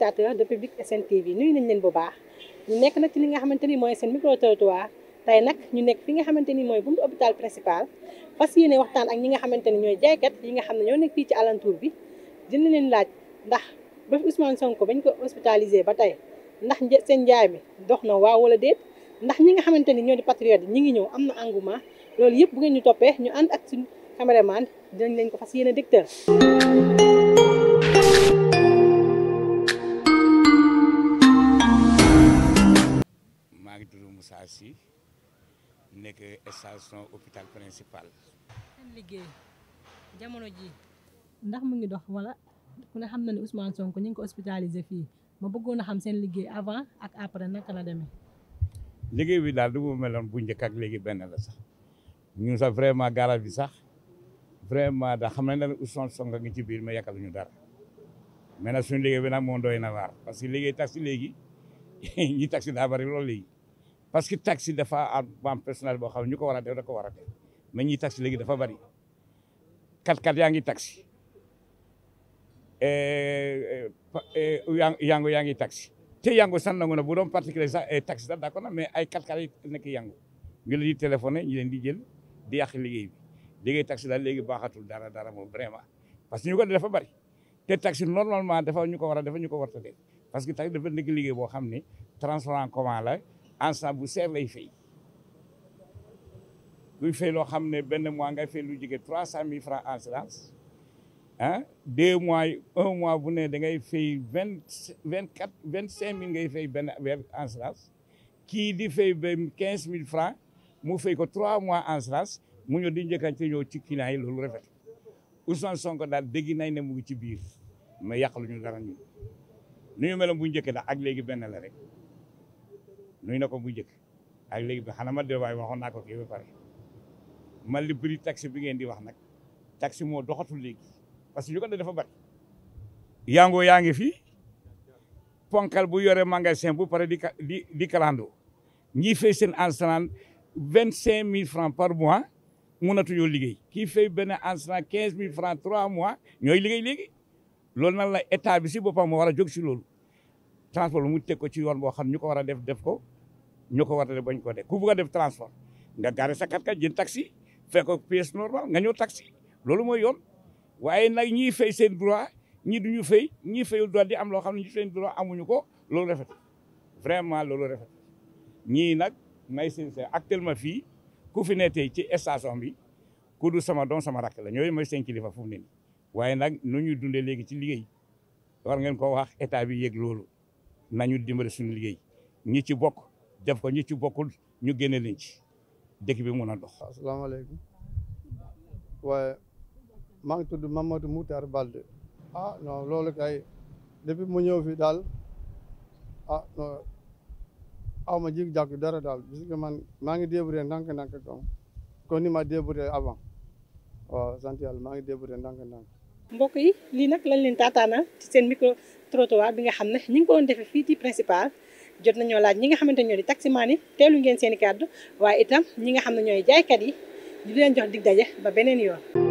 téléspectateurs de Public SN TV nañ leen bu baax ñu nekk nag ci li nga xamante ni mooy seen micro trottoir tey nag ñu nekk fi nga xamante ni mooy buntu hôpital principal fas yéene waxtaan ak ñi nga xamante ni ñooy jaaykat yi nga xam ne ñoo nekk fii ci alentour bi dina leen laaj ndax ba fi Ousmane bañ ko hospitalisé ba tey ndax seen njaay mi dox na waaw wala déet ndax ñi nga xamante ni ñoo di patriote ñi ngi ñëw am na engouement loolu yëpp bu ngeen ñu toppee ñu ànd ak suñu cameraman dinañ leen ko fas yéene dégtal nekk station hôpital principal. seen liggéey jamono ji ndax mu ngi dox wala ku ne xam na ne Ousmane Sonko ñu ngi ko hospitalisé fii ma bëggoon a xam seen liggéey avant ak après naka la demee. liggéey bi daal du mu meloon bu njëkk ak léegi benn la sax ñun sax vraiment garage bi sax vraiment da xam na ne Ousmane Sonko ngi ci biir ma yàqal ñu dara. mais nag suñu liggéey bi nag moo doy na waar parce que liggéey taxi léegi ñi taxi daa bari lool léegi. parce que taxi dafa am personnel boo xam ne ñu ko war a def da ko war a def mais ñi taxi léegi dafa bari kat-kat yaa ngi taxi eh, eh, eh, yango yaa ngi taxi te yango sax nangu na bu doon particulier sax taxi sax d'accord na mais ay kat-kat yi nekk yango ñu leen di téléphoné ñu leen jël di yàq liggéey bi liggéey taxi daal léegi baaxatul dara dara moom vraiment parce que ñu ko dafa bari te taxi normalement dafa ñu ko war a dafa ñu ko war a parce que taxi dafa nekk liggéey boo xam ni transport en commun la ensemble bu seer lay fay kuy loo xam ne benn mois ngay lu jóge trois cent mille francs assurance ah deux mois un mois bu ne da ngay fay vingt vingt quatre vingt mille ngay fay benn weer assurance kii di fay ba quinze mille francs mu fay ko trois mois assurance mu ñëw di njëkkante ñëw ci client yi loolu rafet Ousmane Sonko daal dégg nañ ne mu ngi ci biir mais yàqaluñu dara ñun nu ñu meloon bu njëkk daal ak léegi benn la rek nuy na ko bu njëkk ak léegi bi xanaa ma de waaye waxoon naa ko kii ba pare man li bëri taxi bi ngeen di wax nag taxi moo doxatul léegi parce que ñu ko da dafa bari yaangoo yaa ngi fi ponkal bu yore magasin bu pare di di di kalandoo ñii fay seen enseignant vingt cinq mille francs par mois mënatuñoo liggéey kii fay benn enseignant quinze mille francs trois mois ñooy liggéey léegi loolu nag la état bi si boppam moo war a jóg si loolu transport lu mu teg ko ci yoon boo xam ñu ko war a def def ko ñu ko war a def bañ ko def ku bugg a def transport nga garé sa kat kat jënd taxi fekk ko pièce normal nga ñëw taxi loolu mooy yoon waaye nag ñii fay seen droit du ñu fay ñii fayul droit di am loo xam ne ñu seen droit amuñu ko loolu rafet vraiment loolu rafet ñii nag may seen seen actellement fii ku fi ne tey ci station bi ku du sama doom sama rakk la ñooy mooy seen kilifa fu mu ne nii waaye nag ñuy dundee léegi ci liggéey war ngeen ko wax état bi yëg loolu nañu dimbali suñu liggéey ñi ci bokk def ko ñi ci bokkul ñu génne leen ci dëkk bi mun a dox. asalaamaaleykum waaye maa ngi tudd Mamadou Moutar Balde. ah non loolu kay depuis mu ñëw fii daal a ah, non aw ma jig jàkk dara daal parce man maa ngi débrouillé ndànk-ndànk comme ni ma débrouillé avant waaw sant yàlla maa ngi bu débrouillé ndànk-ndànk. mbokk yi lii nag lañ leen taataanal ci seen micro trottoir bi nga xam ne ñu ngi ko woon defee fii ci principal jot nañoo laaj ñi nga xamante ñoo di taximaan yi teelu ngeen seen i kàddu waaye itam ñi nga xam ne ñooy jaaykat yi di leen jox dig daje ba beneen yoon.